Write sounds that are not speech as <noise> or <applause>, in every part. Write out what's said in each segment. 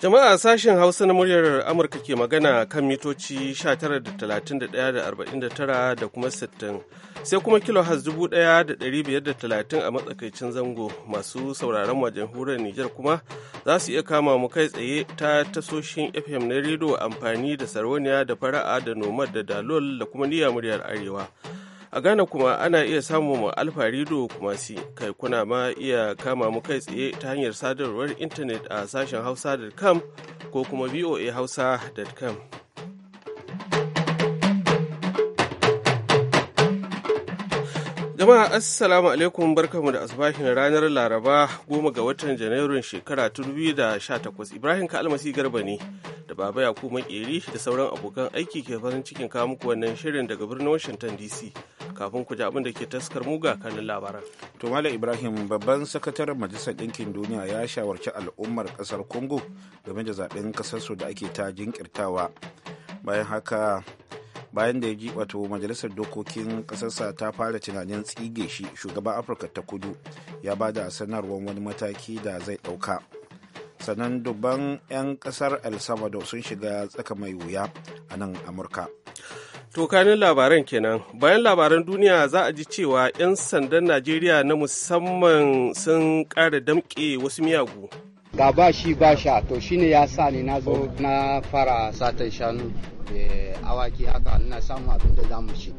Jama'a sashen Hausa na muryar Amurka ke magana kan mitoci 19,31,49 da kuma 60 sai kuma kilohaz 1,530 a matsakaicin zango masu sauraron wajen hurar Nijar kuma za su iya kama mu kai tsaye ta tasoshin FM na rediyo amfani da sarauniya da fara'a da nomad da dalol da kuma niyya muryar Arewa. a ghana kuma ana iya samun mu alfa rido kuma si kai kuna ma iya kama mu kai tsaye ta hanyar sadarwar intanet a sashen hausa.com ko kuma voa hausa.com jama'a assalamu alaikum barkamu da asubahin ranar laraba goma ga watan janairun shekara 2018 takwas ibrahim kalmasi garba ne da baba yaku makeri da sauran abokan aiki ke farin cikin kawo muku wannan shirin daga birnin washington dc kafin ku ji abin da ke taskar mu ga kanin labaran. To Malam Ibrahim babban sakataren Majalisar Ɗinkin Duniya ya shawarci al'ummar ƙasar Congo game da zaɓen ƙasarsu da ake ta jinkirtawa. Bayan haka bayan da ya ji wato majalisar dokokin ƙasarsa ta fara tunanin tsige shi shugaban afirka ta kudu ya ba da sanarwar wani mataki da zai ɗauka sanan dubban 'yan ƙasar el salvador sun shiga tsaka mai wuya a nan amurka To labaran kenan bayan labaran duniya za a ji cewa 'yan sandan Najeriya na musamman sun ƙara damƙe wasu miyagu. Ga ba shi ba sha to shi ne ya sa ni na zo na fara satan shanu eh, awaki haka na samun abin da za mu ci.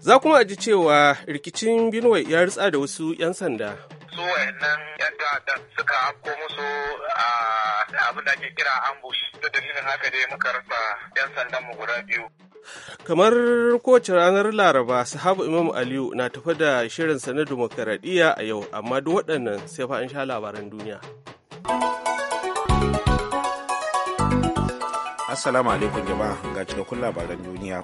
Za kuma a ji cewa rikicin Binuwai ya ritsa da wasu 'yan sanda. su wayannan yan ta'addan suka afko musu a abin da ake kira ambush da dalilin haka dai muka rasa yan sandan mu guda biyu kamar kowace ranar laraba sahabu imam aliyu na tafi da shirinsa na dimokuraɗiyya a yau amma duk waɗannan sai fa in sha labaran duniya assalamu alaikum jama'a ga cikakkun labaran duniya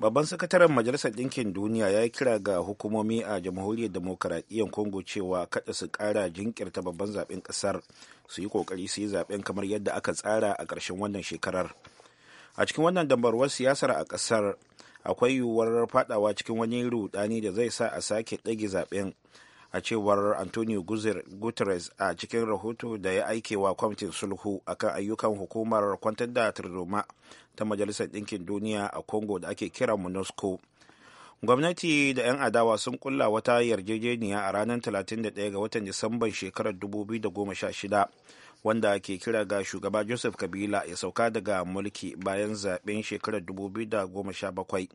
babban sakataren majalisar ɗinkin duniya ya yi kira ga hukumomi a jamhuriyar demokaradiyyar congo cewa kada su ƙara jinkirta babban zaɓen ƙasar su yi ƙoƙari su yi zaben kamar yadda aka tsara a ƙarshen wannan shekarar a cikin wannan dambarwar siyasar a ƙasar akwai yiwuwar fadawa cikin wani rudani da zai sa a sake ɗage zaben a cewar antonio guterres a cikin rahoto da ya aikewa kwamitin sulhu akan ayyukan hukumar kwantar da tarzoma ta majalisar ɗinkin duniya a congo da ake kira monusco gwamnati da 'yan adawa sun kulla wata yarjejeniya a ranar 31 ga watan disamban shekarar 2016 wanda ke kira ga shugaba joseph kabila ya sauka daga mulki bayan zaben shekarar 2017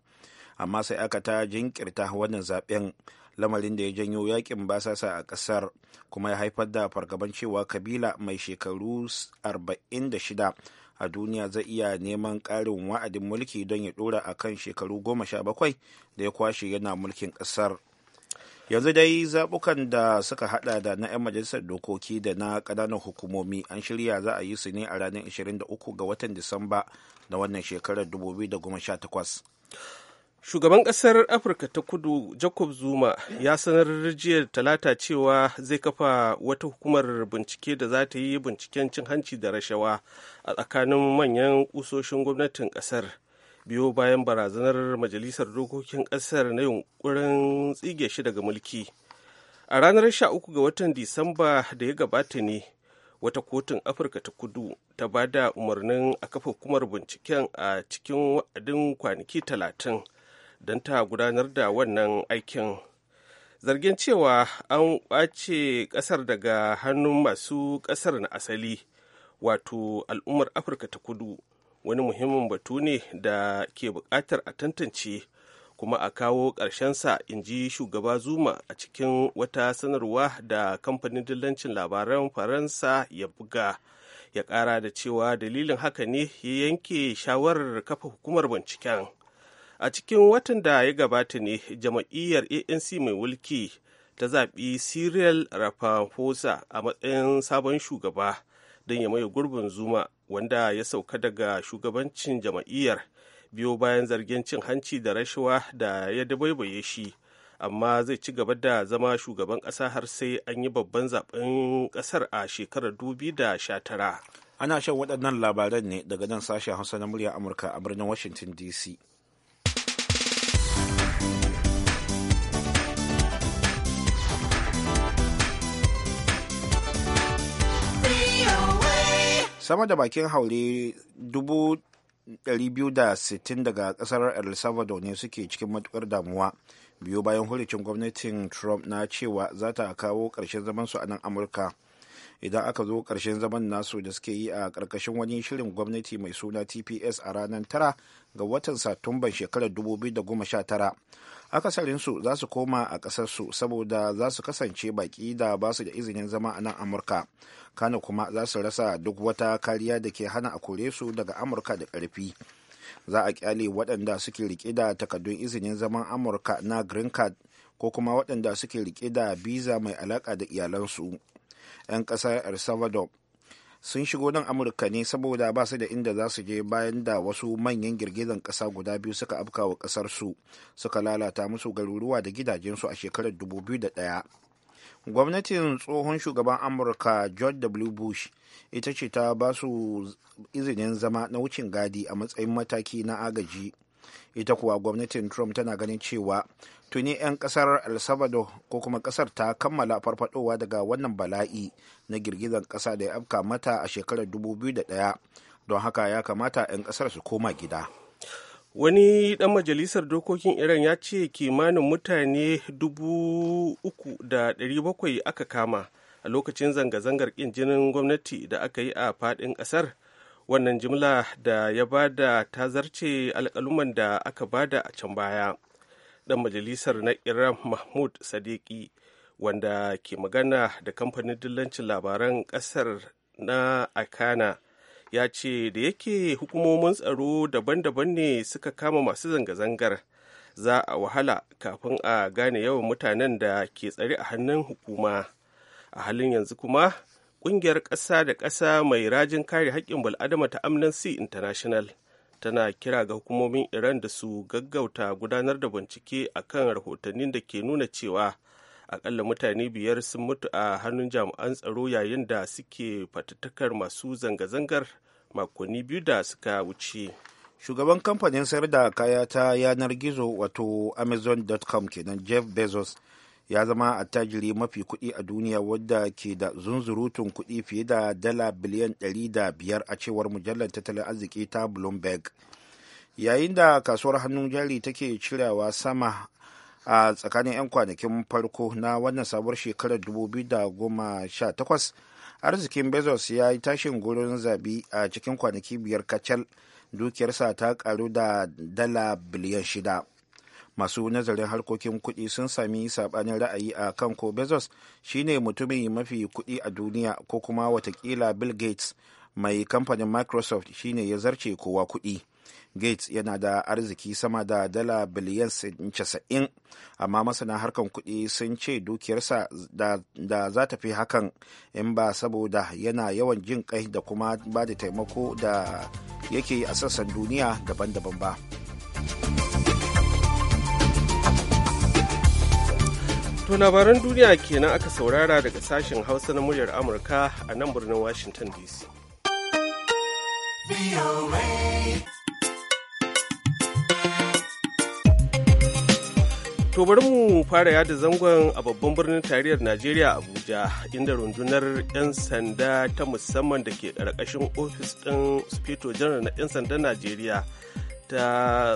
amma sai aka ta jinkirta wannan zaben lamarin da ya janyo yakin basasa a kasar kuma ya haifar da fargaban cewa kabila mai shekaru 46 a duniya zai iya neman ƙarin wa'adin mulki don ya ɗora a kan shekaru goma sha bakwai da ya kwashe yana mulkin ƙasar yanzu dai zaɓukan da suka hada da na 'yan majalisar dokoki da na ƙananan hukumomi an shirya za a yi su ne a ranar 23 ga watan disamba na wannan shekarar 2018 shugaban ƙasar afirka ta kudu jacob zuma ya sanar jiya talata cewa zai kafa wata hukumar bincike da za ta yi binciken cin hanci da rashawa a tsakanin manyan kusoshin gwamnatin kasar biyo bayan barazanar majalisar dokokin kasar na yunkurin tsige shi daga mulki a ranar 13 ga watan disamba da ya gabata ne wata kotun afirka ta kudu ta ba da umarnin a kafa hukumar binciken a cikin wa'adin kwanaki talatin don ta gudanar da wannan aikin zargin cewa an ƙwace ƙasar daga hannun masu ƙasar na asali wato al'ummar afirka ta kudu wani muhimmin batu ne da ke buƙatar a tantance kuma a kawo ƙarshensa in ji shugaba zuma a cikin wata sanarwa da kamfanin dillancin labaran faransa ya buga ya ƙara da cewa dalilin haka ne ya yanke shawarar kafa hukumar binciken a cikin watan da ya gabata ne jama'iyyar anc mai mulki ta zaɓi cyril rafa a matsayin sabon shugaba don ya maye gurbin zuma wanda ya sauka daga shugabancin jama'iyyar biyo bayan zargin cin hanci da rashawa da ya dabaibaye shi amma zai ci gaba da zama shugaban ƙasa har sai an yi babban zaben ƙasar a shekarar da 2019 ana shan waɗannan labaran ne daga nan sashen hausa na murya amurka a birnin washington dc sama da bakin haure 260 daga kasar el salvador ne suke cikin matukar damuwa biyu bayan hulicin gwamnatin trump na cewa za ta kawo ƙarshen zamansu a nan amurka idan aka zo ƙarshen zaman nasu da suke yi a ƙarƙashin wani shirin gwamnati mai suna tps a ranar 9 ga watan satumban shekarar 2019 akasarinsu za su koma a ƙasarsu saboda za su kasance baki da ba su da izinin zama a nan amurka kana kuma za su rasa duk wata kariya da ke hana a kore su daga amurka da ƙarfi za a kyale waɗanda suke rike da takardun izinin zaman amurka na green card ko kuma waɗanda suke rike da biza mai alaƙa da iyalansu 'yan ƙasar el salvador sun shigo nan amurka ne saboda ba su da inda za su je bayan da wasu manyan girgizan ƙasa guda biyu suka afka wa su suka lalata musu garuruwa da gidajensu a shekarar 2001 gwamnatin tsohon shugaban amurka george w bush ita ce ta ba su izinin zama na wucin gadi a matsayin mataki na agaji ita kuwa gwamnatin trump tana ganin cewa tuni 'yan kasar el salvador ko kuma kasar ta kammala farfadowa daga wannan bala'i na girgizar kasa da ya afka mata a shekarar 2001 don haka ya kamata 'yan kasar su koma gida wani dan majalisar dokokin iran ya ce kimanin mutane 3,700 aka kama a lokacin zanga-zangar ƙin jinin gwamnati da aka yi a fadin kasar wannan jimla da ya bada ta zarce alƙaluman da aka bada a can baya dan majalisar na iran mahmud sadiki wanda ke magana da kamfanin dillancin labaran kasar na akana ya ce da yake hukumomin tsaro daban-daban ne suka kama masu zanga-zangar za a wahala kafin a gane yawan mutanen da ke tsare a hannun hukuma a halin yanzu kuma ƙungiyar ƙasa da ƙasa mai rajin kare haƙƙin bal'adama ta amnesty international tana kira ga hukumomin iran da su gaggauta gudanar da bincike a kan rahotannin da ke nuna cewa akalla mutane biyar sun mutu a hannun jami'an tsaro yayin da suke fatattakar masu zanga-zangar makonni biyu da suka wuce shugaban kamfanin sayar da kaya ta yanar gizo wato amazon.com kenan jeff bezos ya zama attajiri mafi kuɗi a duniya wadda ke da zunzurutun kuɗi fiye da dala biliyan 500 a cewar mujallar tattalin arziki ta bloomberg yayin da kasuwar hannun jari take cirewa sama a tsakanin 'yan kwanakin farko na wannan sabuwar shekarar 2018 arzikin bezos ya yi tashin gurin zabi a cikin kwanaki biyar kacal dukiyarsa ta karu da dala biliyan shida. masu nazarin harkokin kuɗi sun sami saɓanin ra'ayi a kan ko bezos shine mutumin mafi kuɗi a duniya ko kuma watakila bill gates mai kamfanin microsoft shine ya zarce kowa kuɗi gates yana da arziki sama da dala biliyan 90 amma masana harkan kuɗi sun ce dukiyarsa da, da za ta fi hakan in ba saboda yana yawan jin kai da kuma ba da taimako da yake a sassan duniya daban-daban ba. To labaran duniya kenan aka saurara daga sashen Hausa na muryar Amurka a nan birnin Washington DC. To bari mu fara yada zangon a babban birnin tariyar Najeriya Abuja inda rundunar 'yan sanda ta musamman da ke ƙarƙashin ofis ɗin Sufeto Janar na 'yan sandan Najeriya ta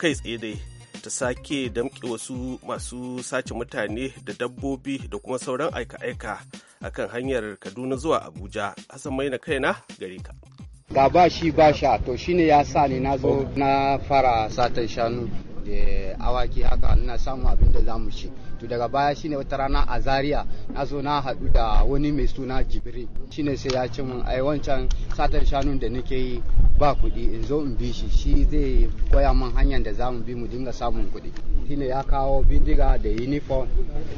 kai tsaye dai ta sake damƙe wasu masu sace mutane da dabbobi da kuma sauran aika-aika a kan hanyar kaduna zuwa abuja hassan maina kaina gare ka ga ba shi ba sha to shi ne ya sa ni na zo na fara satan shanu da awaki haka na samu abin da za mu ci to daga baya shine wata rana a zaria na zo na haɗu da wani mai suna jibril shine sai ya ce min ai wancan satar shanun da nake yi ba kuɗi in zo in bi shi shi zai koya min hanyar da zamu bi mu dinga samun kuɗi shine ya kawo bindiga da uniform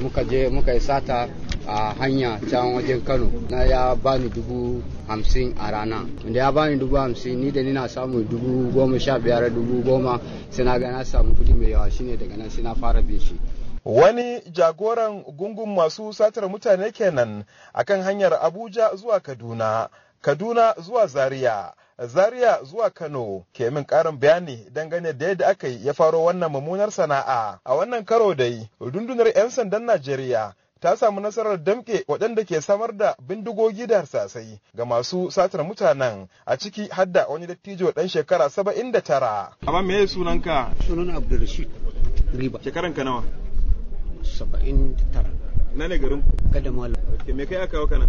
muka je muka yi sata a hanya can wajen kano na ya bani dubu hamsin a rana da ya bani dubu hamsin ni da ni na samu dubu goma sha biyar dubu goma sai na ga na samu kuɗi mai yawa shine daga nan sai na fara bin shi Wani jagoran gungun masu satar mutane kenan a kan hanyar Abuja zuwa Kaduna, Kaduna zuwa Zaria. Zaria zuwa Kano ke min ƙarin bayani dangane da yadda aka yi ya faro wannan mummunar sana'a. A wannan karo dai, rundunar 'yan sandan Najeriya ta samu nasarar damƙe waɗanda ke samar da bindigogi da harsasai ga masu satar mutanen a ciki hadda wani dattijo ɗan shekara saba'in da tara. Amma me sunanka? Sunan Abdulrashid Riba. Shekaranka nawa? saba'in da tara na ne garin gada malam ke me kai aka kawo kana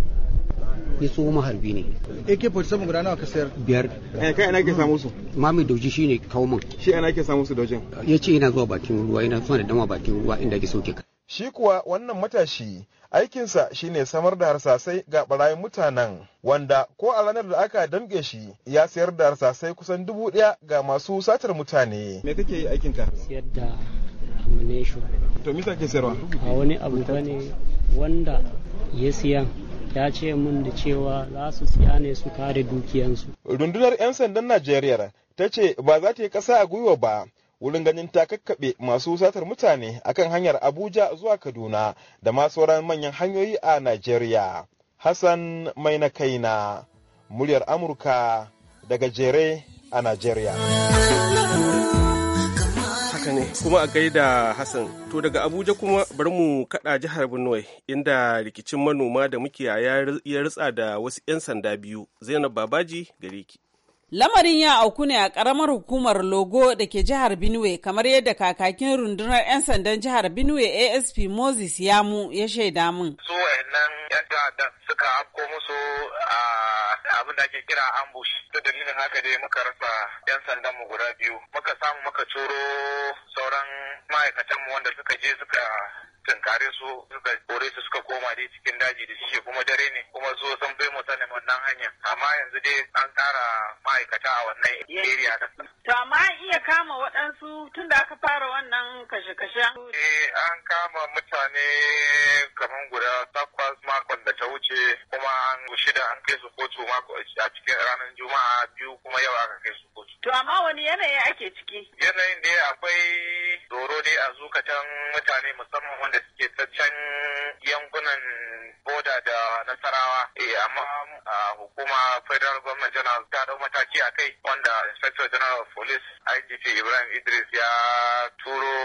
ni tsoho maharbi ne ak-47 guda nawa ka sayar biyar eh kai ana ke samu su mami dauji shine kawo min shi ana ke samu su daujin ce ina zuwa bakin ruwa ina zuwa da dama bakin ruwa inda ke sauke ka shi kuwa wannan matashi aikinsa shi ne samar da harsasai ga barayin mutanen wanda ko a ranar da aka damge shi ya sayar da harsasai kusan dubu ɗaya ga masu satar mutane me kake yi aikinka sayar da amneshu to ke sayarwa a wani abu ne wanda ya siya ya ce mun da cewa za su siya ne su kare dukiyansu rundunar 'yan sandan najeriya ta ce ba za ta yi ƙasa a gwiwa ba wurin ganin ta masu satar mutane akan hanyar abuja zuwa kaduna da ma sauran manyan hanyoyi a najeriya hassan mai na kaina muryar amurka daga jere a najeriya haka ne kuma a gaida hassan to daga abuja kuma bari mu kada jihar benue inda rikicin manoma da muke ya ritsa da wasu 'yan sanda biyu zainab babaji gare ki Lamarin ya auku ne a karamar hukumar Logo da ke jihar binue kamar yadda kakakin rundunar 'yan sandan jihar binue ASP Moses Yamu ya shaida mun. Su wayannan 'yan ta'adda suka afko musu a abin da ake kira ambush. Da dalilin haka dai muka rasa 'yan sandan mu guda biyu. Muka samu muka turo sauran ma'aikatan mu wanda suka je suka tunkare su suka kore su suka koma dai cikin daji da shi kuma dare ne kuma so sun bai mu sanin wannan hanya amma yanzu dai an kara ma'aikata a wannan area da to amma an iya kama waɗansu tun da aka fara wannan kashe-kashe eh an kama mutane kamar guda takwas makon da ta wuce kuma an shida an kai su kotu mako a cikin ranar juma'a biyu kuma yau aka kai su kotu to amma wani yanayi ake ciki yanayin da akwai a zukatan mutane musamman wanda suke ta can yankunan boda da nasarawa e amma hukuma federal government general ta dau mataki a kai wanda inspector general of police IGP Ibrahim Idris ya turo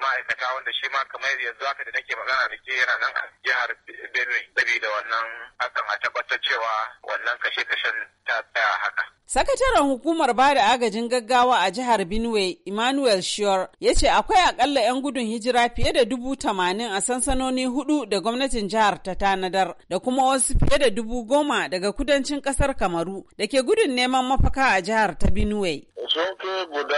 ma'aikata wanda shi ma kamar yanzu haka da nake magana da ke yana nan a jihar Benue sabida wannan hakan a tabbatar cewa wannan kashe-kashen ta tsaya haka. Sakataren hukumar ba da agajin gaggawa a jihar Benue, Emmanuel Shior, ya ce akwai akalla 'yan gudun hijira fiye da dubu tamanin a sansanoni hudu da gwamnatin jihar ta tanadar, da kuma wasu fiye da dubu goma daga kudancin kasar Kamaru da ke gudun neman mafaka a jihar ta Benue. sun kai guda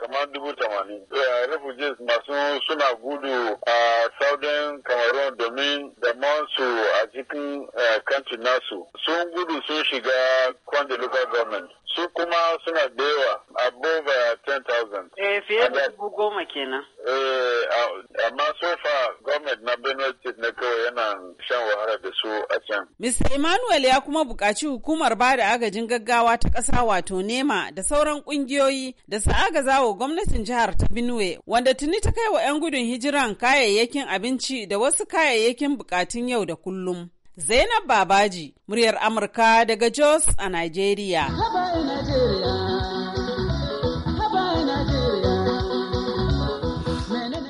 kamar dubu tamanin. Eh, refugees masu suna gudu a Southern Cameroon domin da su a cikin kantin eh, nasu. Sun gudu sun shiga Kwanda local government. Su kuma suna dewa above 10,000. Eh fiye da dubu goma kenan. Eh amma so far government na Benue State na kawai yana shan wahala da su a can. Mr. Emmanuel ya kuma buƙaci hukumar ba da agajin gaggawa ta ƙasa wato nema da sauran kungiyoyi da su ga gwamnatin jihar ta Binuwe wanda tuni ta kai wa 'yan gudun hijiran kayayyakin abinci da wasu kayayyakin bukatun yau da kullum. Zainab Babaji, muryar Amurka daga Jos a Nigeria.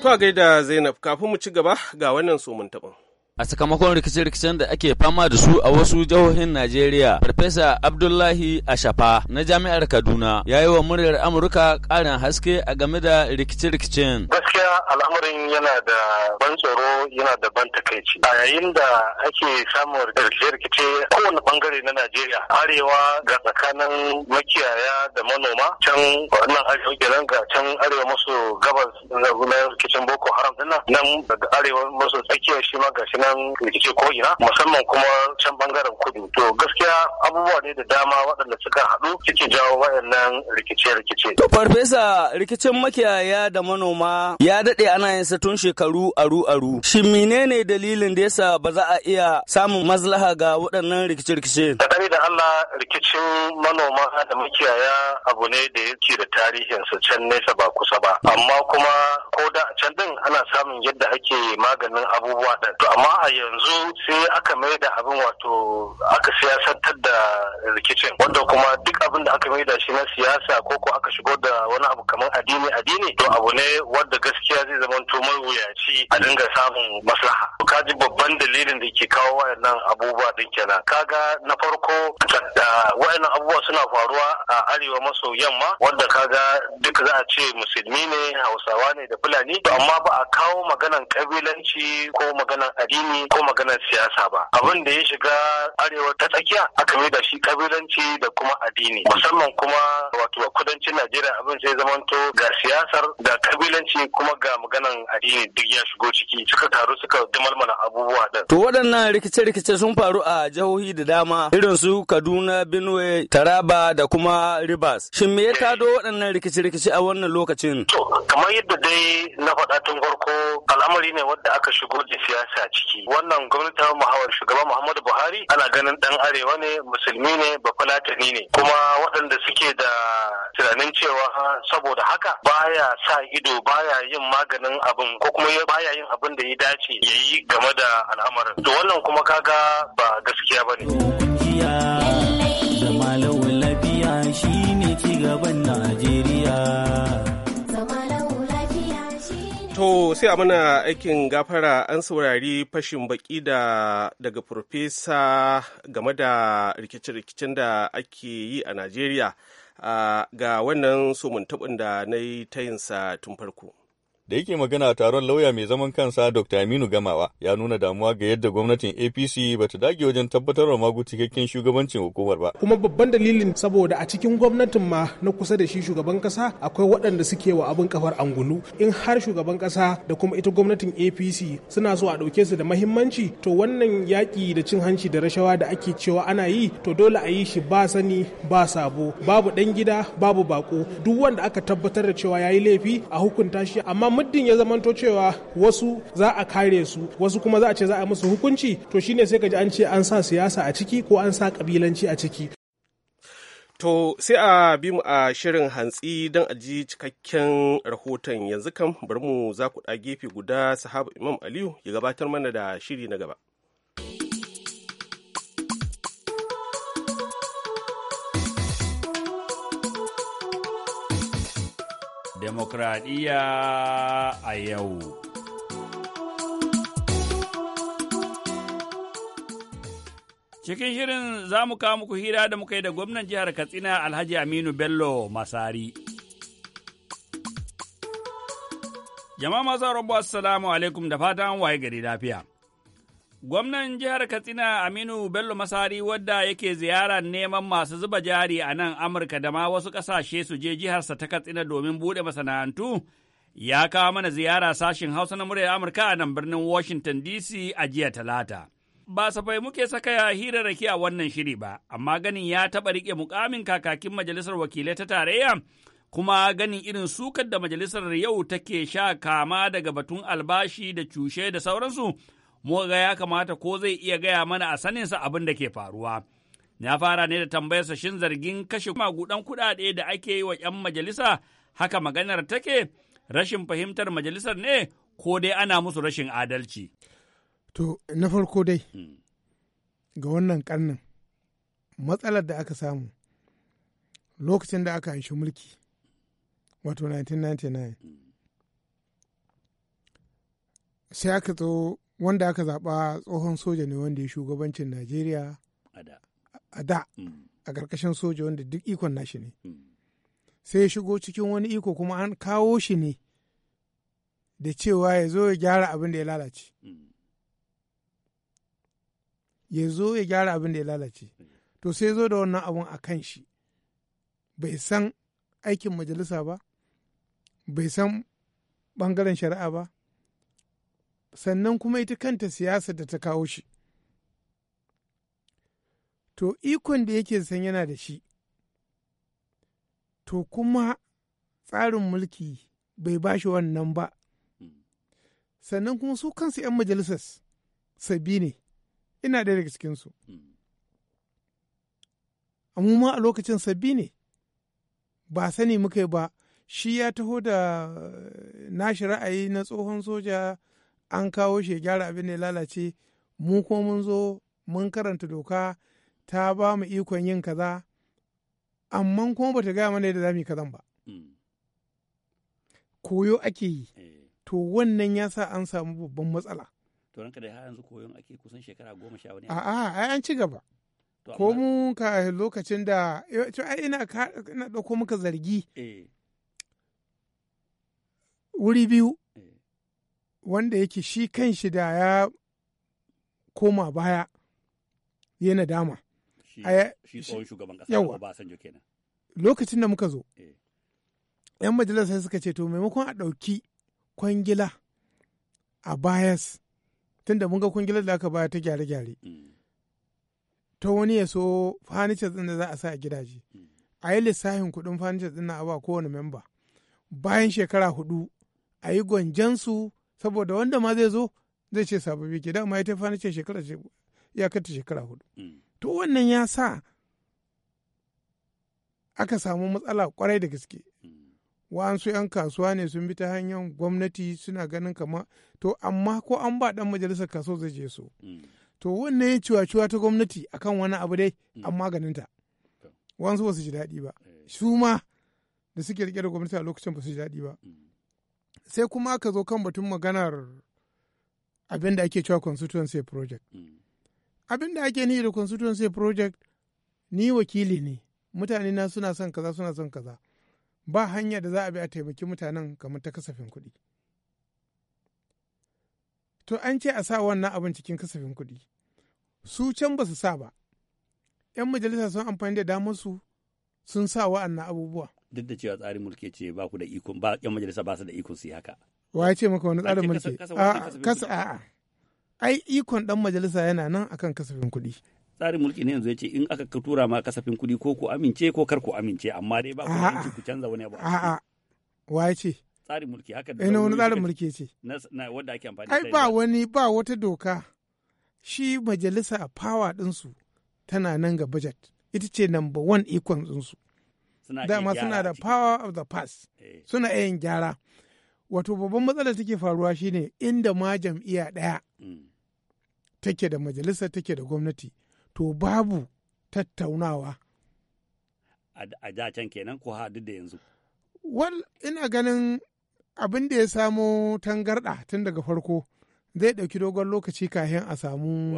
To gaida Zainab kafin mu ci gaba ga wannan somun taɓin. a sakamakon rikice-rikicen da ake fama da su a wasu jihohin Najeriya. Farfesa Abdullahi Ashafa na Jami'ar Kaduna ya yi wa muryar Amurka ƙarin haske a game da rikice-rikicen. Gaskiya al'amarin yana da ban tsoro yana da ban takaici. A yayin da ake samun rikice-rikice kowane bangare na Najeriya arewa ga tsakanin makiyaya da manoma can wannan arewa kenan ga can arewa maso gabas na rikicin Boko Haram dinnan nan daga arewa maso tsakiya shi ma ga wannan rikici ko ina musamman kuma can bangaren kudu to gaskiya abubuwa ne da dama waɗanda suka haɗu suke jawo wayannan rikice-rikice. to Farfesa rikicin makiyaya da manoma ya daɗe ana yin sa tun shekaru aru-aru. shi menene dalilin da yasa ba za a iya samun maslaha ga waɗannan rikice-rikice? Da da Allah rikicin manoma da makiyaya abu ne da yake da tarihinsa can nesa ba kusa ba. Amma kuma ko da a can din ana samun yadda ake maganin abubuwa ɗin. To amma a yanzu sai aka mai da abin wato aka siyasantar da rikicin wanda kuma duk abin da aka mai da shi na siyasa ko ko aka shigo da wani abu kamar addini addini to abu ne wanda gaskiya zai zama to wuyaci a dinga samun maslaha ka ji babban dalilin da ke kawo wayannan abubuwa din kenan kaga na farko wayannan abubuwa suna faruwa a arewa maso yamma wanda kaga duk za a ce musulmi ne hausawa ne da fulani to amma ba a kawo maganan kabilanci ko maganan addini ko maganar siyasa ba abin da ya shiga arewa ta tsakiya aka mai da shi kabilanci da kuma addini musamman kuma wato a kudancin najeriya abin sai zamanto ga siyasar da kabilanci kuma ga maganan addini duk ya shigo ciki suka taru suka dumalmana abubuwa din to waɗannan rikice-rikice sun faru a jihohi da dama irin su kaduna benue taraba da kuma rivers shin me ya tado waɗannan rikice-rikice a wannan lokacin kamar yadda dai na faɗa tun farko al'amari ne wanda aka shigo da siyasa ciki mulki wannan gwamnatin muhawar shugaba Muhammadu Buhari ana ganin dan arewa ne musulmi ne bafulatani ne kuma waɗanda suke da tunanin cewa saboda haka baya sa ido baya yin maganin abin ko kuma baya yin abin da ya dace ya yi game da al'amarin to wannan kuma kaga ba gaskiya ba ne. Zama lafiya shine ci gaban Najeriya. To sai a mana aikin gafara an saurari fashin baki da daga Profesa game da rikice-rikicen da ake yi a Najeriya ah, ga wannan somuntaɓin da na yi tayinsa tun farko. da yake magana a taron lauya mai zaman kansa Dr. Aminu Gamawa ya nuna damuwa ga yadda gwamnatin APC ba ta dage wajen tabbatar da magu cikakken shugabancin hukumar ba. Kuma babban dalilin saboda a cikin gwamnatin ma na kusa da shi shugaban kasa akwai waɗanda suke wa abin kafar angulu in har shugaban kasa da kuma ita gwamnatin APC suna so a ɗauke su da mahimmanci to wannan yaƙi da cin hanci da rashawa da ake cewa ana yi to dole a yi shi ba sani ba sabo babu ɗan gida babu baƙo duk wanda aka tabbatar da cewa ya yi laifi a hukunta shi amma muddin ya zamanto cewa wasu za a kare su wasu kuma za a ce za a musu hukunci to shine sai ka ji an ce an sa siyasa a ciki ko an sa kabilanci a ciki To sai a bi mu a shirin hantsi don a ji cikakken rahoton yanzu kam bari mu za ku gefe guda sahaba Imam Aliyu ya gabatar mana da shiri na gaba. demokradiyya a yau. Cikin shirin za mu kawo muku hira da muka yi da gwamnan jihar Katsina Alhaji Aminu Bello Masari. Jama'a masu rabu assalamu alaikum da fatan waye gari lafiya. Gwamnan jihar Katsina Aminu Bello Masari wadda yake ziyarar neman masu zuba jari a nan Amurka da ma wasu ƙasashe su je jiharsa ta Katsina domin buɗe masana'antu ya kawo mana ziyara sashin Hausa na muryar Amurka a nan birnin Washington DC a jiya Talata. Ba safai muke saka rake a wannan shiri ba, amma ganin ya taɓa riƙe mukamin kakakin majalisar wakilai ta tarayya kuma ganin irin sukar da majalisar yau take sha kama daga batun albashi da cushe da sauransu mu ga ya kamata ko zai iya gaya mana a saninsa abin da ke faruwa. Ya fara ne da tambayarsa shin zargin kashe magudan kuɗaɗe da ake yi wa 'yan majalisa haka maganar take rashin fahimtar majalisar ne ko dai ana musu rashin adalci. To, na farko dai, hmm. ga wannan karnin matsalar da aka samu lokacin da aka hanshi mulki, wato 1999, hmm. sai aka tso wanda aka zaɓa tsohon soja ne wanda ya shugabancin najeriya a da a mm. ƙarƙashin soja wanda duk ikon nashi ne mm. sai ya shigo cikin wani iko kuma an kawo shi ne da cewa ya zo ya gyara abin da ya lalace mm. ya zo ya gyara abin da ya lalace to sai zo da wannan abun a kan shi bai san aikin majalisa ba bai san ɓangaren shari'a ba sannan kuma ita kanta siyasa da ta kawo shi to ikon da yake san yana da shi to kuma tsarin mulki bai ba shi wannan ba sannan kuma su kansu 'yan majalisar sabi ne ina ɗaya daga cikinsu amma a lokacin sabi ne ba sani muka ba shi ya taho da eh, nashi ra'ayi na tsohon soja an kawo shi ya gyara abin da ya lalace mu ko mun zo mun karanta doka ta ba mu ikon yin kaza amma kuma bata gaya mana yadda za mu yi kazan ba mm. koyo ake yi eh. to wannan ya sa an samu babban matsala to ranka da yanzu koyon ake kusan shekara goma sha wani a'a ai an ci gaba ko mu ka lokacin da to ai ina ina dauko muka zargi eh. wuri biyu wanda yake shi kan shi da ya koma baya ya nadama shi tsohon shugaban kasa kenan lokacin da muka zo eh. yan majalisa suka ce to maimakon a ɗauki kwangila a bayas, tunda mun ga kwangilar da aka baya ta gyare-gyare mm. Ta wani ya so fanicas ɗin da za a sa a gidaje mm. a yi lissafin kuɗin furniture ɗin a ba kowane memba bayan shekara hudu a yi gwanjansu saboda wanda ma zai zo zai ce sababbi ke dama ita fa ce shekara ya kata shekara hudu mm. to wannan ya sa aka samu matsala kwarai da gaske mm. wa'ansu 'yan kasuwa ne sun bi ta hanyar gwamnati suna ganin kama to amma ko an ba dan majalisar kaso zai je so mm. to wannan ya ciwa-ciwa ta gwamnati akan wani abu dai an maganinta wa'ansu ba su ji daɗi ba eh. su ma da suke rike da gwamnati a lokacin ba su ji daɗi ba sai kuma ka zo kan batun maganar abin da ake cewa constituency project mm. abin da ake ni da constituency project ni wakili ne mutane na suna son kaza suna son kaza ba hanya da za a bi a taimaki mutanen kamar ta kasafin kuɗi to an ce a sa wannan abin cikin kasafin kuɗi su can ba su sa ba 'yan majalisa sun amfani da damar su sun sa wa'annan abubuwa duk da cewa tsarin mulki ce ba ku da iko ba yan majalisa ba su da iko su yi haka wa ya ce maka wani tsarin mulki a kasa a'a ai ikon dan majalisa yana nan akan kasafin kuɗi tsarin mulki ne yanzu ya ce in aka tura ma kasafin kuɗi ko ku amince ko kar ku amince amma dai ba ku yanci ku canza wani abu a'a wa ya ce tsarin mulki haka da ina eh, wani tsarin mulki ce na wanda ake amfani ai ba wani ba wata doka shi majalisa power din su tana nan ga budget ita ce number one ikon din su. dama suna da power of the past eh. suna yin gyara wato babban matsalar take faruwa shine inda ma jam'iyya ɗaya mm. take da majalisa take da gwamnati to babu tattaunawa a kenan ko haɗu da yanzu wal ina ganin abin da ya samo tangarɗa tun daga farko zai ɗauki dogon lokaci kafin a samu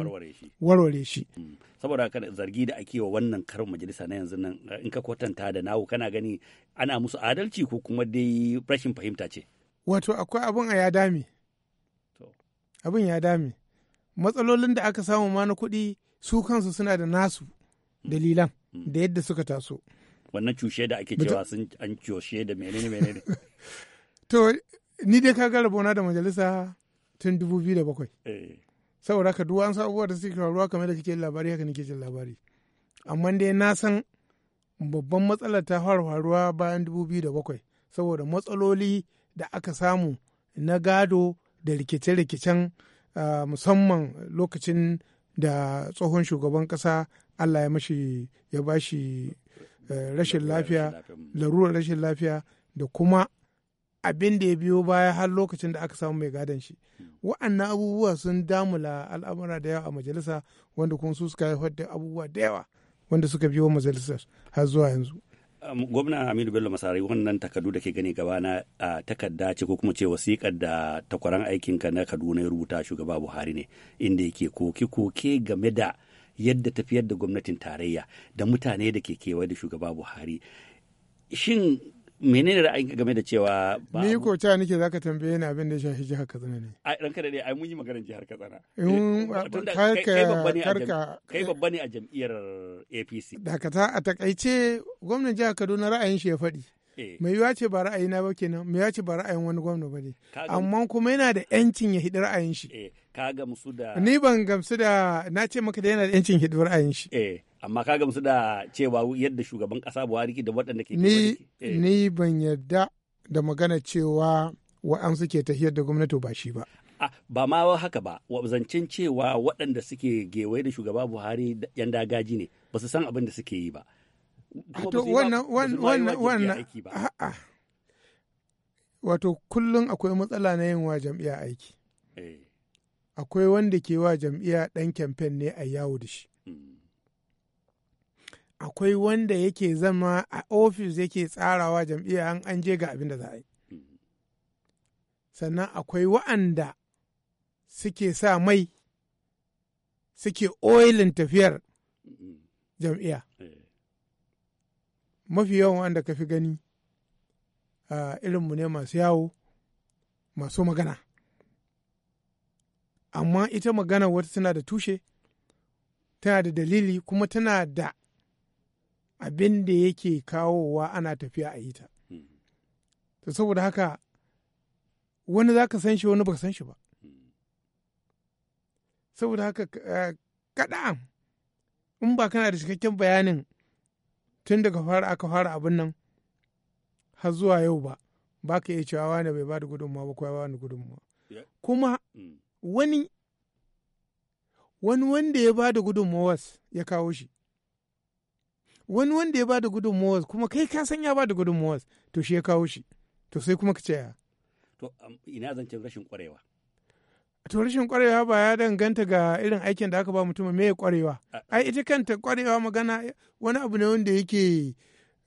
warware shi. Mm. saboda haka zargi da ake wa wannan karin majalisa na yanzu nan eh, in ka kwatanta da nawo kana gani ana musu adalci ko kuma dai rashin fahimta ce. wato akwai abin a ya dame abin ya dame matsalolin da aka samu ma na kuɗi su kansu suna da nasu mm. dalilan mm. da yadda suka taso. wannan cushe da ake cewa sun an cushe da menene menene. <laughs> to ni dai ka ga rabona da majalisa tun 2007 eh. saboda ka duwan abubuwa da suke faruwa kamar da kake labari haka nake jin labari amma dai na san babban matsalar ta fara faruwa bayan bakwai saboda matsaloli da aka samu na gado da rikice-rikicen musamman lokacin da tsohon shugaban kasa Allah ya mashi ya bashi eh, rashin lafiya larurar rashin lafiya da kuma abin da ya biyo baya har lokacin da aka samu mai gadon shi wa'annan abubuwa sun damula al'amura da yawa a majalisa wanda kuma su suka haifar da abubuwa da yawa wanda suka biyo majalisar har zuwa yanzu um, gwamna aminu bello masarai wannan takardu da ke gani gaba na takarda ce ko kuma ce wasikar da takwaran aikin ka na kaduna ya rubuta shugaba buhari ne inda yake koke koke game da yadda tafiyar da gwamnatin tarayya da mutane da ke kewaye da shugaba buhari shin menene ra'ayin ka game da cewa ba ni ko ta nake zaka tambaye ni abin da ya shafi jihar Katsina ne ai ranka da dai ai mun yi magana jihar Katsina kai babba ne a jam'iyyar APC dakata a takaice gwamnan jihar Kaduna ra'ayin shi ya faɗi eh. mai yiwa ce ba ra'ayina ba kenan mai yiwa ce ba ra'ayin wani gwamna ba ne amma kuma yana da yancin ya hidi ra'ayin shi eh. ka gamsu da ni ban gamsu da na ce maka da yana da yancin hidimar ayin shi eh amma ka gamsu da cewa yadda shugaban kasa Buhari ke da waɗanda ke ni eh. ni ban yarda da magana cewa wa'an ke tafiyar da gwamnati ba shi ba Ah, ba ma haka ba zancen cewa waɗanda suke gewaye da shugaba buhari yan dagaji ne ba su san abin da suke yi ba wato kullum akwai matsala na yin wa jam'iyya aiki eh. akwai wanda ke wa jam'iyya ɗan kyamfen ne a yawo da shi akwai wanda yake zama a ofis yake tsarawa jam'iya an an je ga abin da za a yi sannan akwai wa'anda suke sa mai suke oilin tafiyar jam'iyya mafi yawan wanda ka fi gani ah, irinmu ne masu yawo masu magana amma ita magana wata tana da tushe tana da dalili kuma tana da abin da yake kawowa ana tafiya a yi ta hmm. to saboda haka wani za ka san shi wani ba ka san shi ba hmm. saboda haka eh, kaɗa'an in ba kana da cikakken bayanin tun daga fara aka fara abin nan har zuwa yau ba ba ka iya cewa wani bai ba da gudunmawa ba ko ya ba gudunmawa kuma hmm. wani wani wanda ya ba da mowas ya kawo shi wani wanda ya ba da gudunmawas kuma kai ka san ya ba da mowas, to shi ya kawo shi to sai kuma ka ce ya to ina zan ce rashin kwarewa to rashin kwarewa ba ya danganta ga irin aikin da aka ba mutum me kwarewa ai ita kanta kwarewa magana wani abu ne wanda yake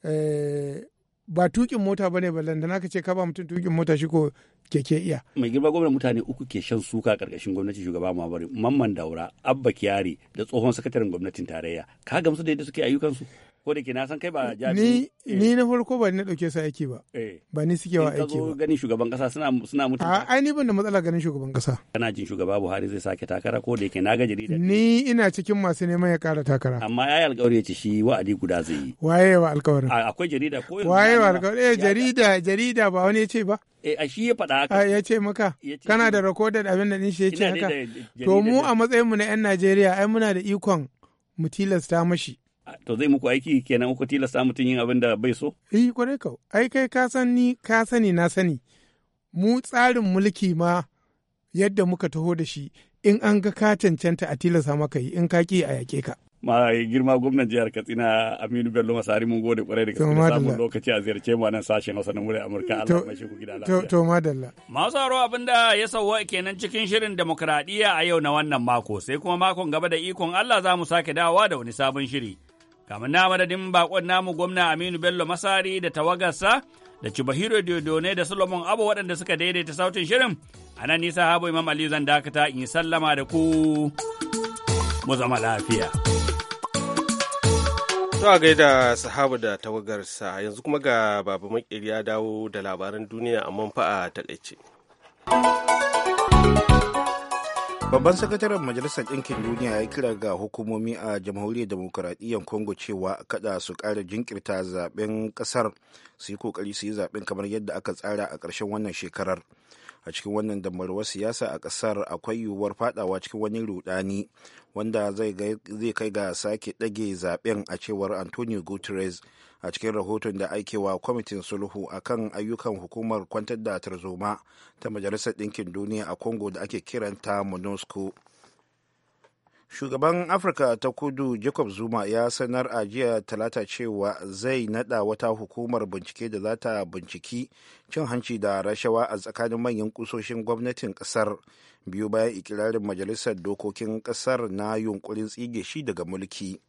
eh, ba tukin mota bane ballandana ka ce ka ba mutum tukin mota shi ko keke iya mai girma gwamnati mutane uku ke shan suka karkashin gwamnati shugaba Muhammadu Mamman Daura Abba Kyari da tsohon sakataren gwamnatin tarayya ka gamsu da yadda suke ayyukansu. ko da ke na san kai ba jami'i ni eh. na farko ba ni na dauke su aiki ba eh. ba ni suke wa aiki ba ganin shugaban kasa suna suna mutunta a ai ni ban da matsala ganin shugaban kasa kana jin shugaba Buhari zai sake takara ko da yake na ga jarida ni ina cikin masu neman ya kara takara amma yayi alƙawari ya ce shi wa'adi guda zai yi waye wa alƙawarin akwai jarida ko waye wa alƙawarin eh jarida jarida ba wani ya ce ba Eh, a shi ya faɗa haka. Ya ce maka, kana da recorded abin da shi ya ce haka. To mu a matsayinmu na 'yan Najeriya, ai muna da ikon mu tilasta mashi. to zai muku aiki kenan ku tilasta mutum yin abin da bai so? Eh kwarai kau, ai kai ka sani ka sani na sani. Mu tsarin mulki ma yadda muka taho da shi in an ga ka cancanta a tilasta maka yi in ka ki a yake ka. ma girma gwamnan jihar katsina aminu bello masari mun gode kwarai da gaske samun lokaci a ziyarce mu nan sashen hausa na murya amurka allah mai ku gida lafiya to masu haro abin da ya sauwa kenan cikin shirin demokradiyya a yau na wannan mako sai kuma makon gaba da ikon allah za mu sake dawowa da wani sabon shiri Kamar na madadin bakon namu gwamna Aminu Bello Masari da tawagarsa da Cibahiro Dodone da Solomon Abu waɗanda suka daidaita sautin shirin. A nan nisa habu Imam Ali zan dakata in sallama da ku mu zama lafiya. To a gaida sahabu da tawagarsa yanzu kuma ga babu makiri ya dawo da labaran duniya amma fa a takaice. babban sakataren majalisar ɗinkin duniya ya kira ga hukumomi a jamhuriyar demokuraɗiyyar congo cewa kada su ƙara jinkirta zaɓen ƙasar su yi ƙoƙari su yi zaben kamar yadda aka tsara a ƙarshen wannan shekarar a cikin wannan damarwar siyasa a ƙasar akwai yiwuwar fadawa cikin wani rudani wanda zai kai ga sake ɗage zaben a cewar antonio guterres a cikin rahoton da aikewa kwamitin sulhu a kan ayyukan hukumar kwantar da tarzoma ta majalisar ɗinkin duniya a congo da ake kiranta monusco shugaban afirka ta kudu jacob zuma ya sanar a jiya talata cewa zai nada wata hukumar bincike da za ta binciki cin hanci da rashawa a tsakanin manyan kusoshin gwamnatin kasar biyu bayan ikirarin majalisar dokokin kasar na yunkurin tsige shi daga mulki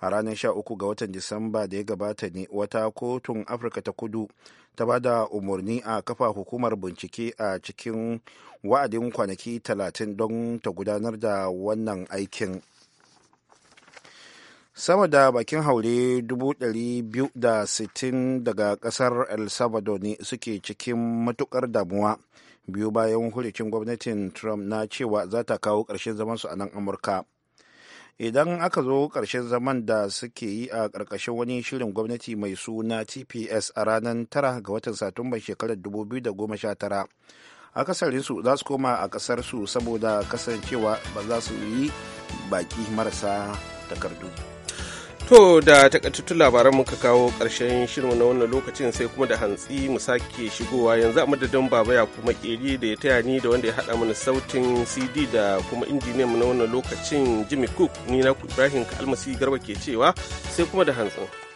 a ranar 13 ga watan disamba da ya gabata ne wata kotun afirka ta kudu ta ba da umarni a kafa hukumar bincike a cikin wa'adin kwanaki 30 don ta gudanar da wannan aikin sama da bakin haure 260 daga kasar el salvador ne suke cikin matukar damuwa biyu bayan hulicin gwamnatin trump na cewa za ta kawo ƙarshen zamansu a nan amurka idan aka zo ƙarshen zaman da suke yi a ƙarƙashin wani shirin gwamnati mai suna tps a ranar tara ga watan satumbar shekarar 2019 akasarinsu za su koma a ƙasarsu saboda kasancewa ba za su yi baki marasa takardu. To da takaitattun labaran muka kawo ƙarshen shirin na wannan lokacin sai kuma da hantsi mu sake shigowa yanzu a madadin baba ya kuma keri da ya taya ni da wanda ya haɗa mana sautin CD da kuma injiniyan mu na wannan lokacin Jimmy Cook ni na Ibrahim almasi Garba ke cewa sai kuma da hantsi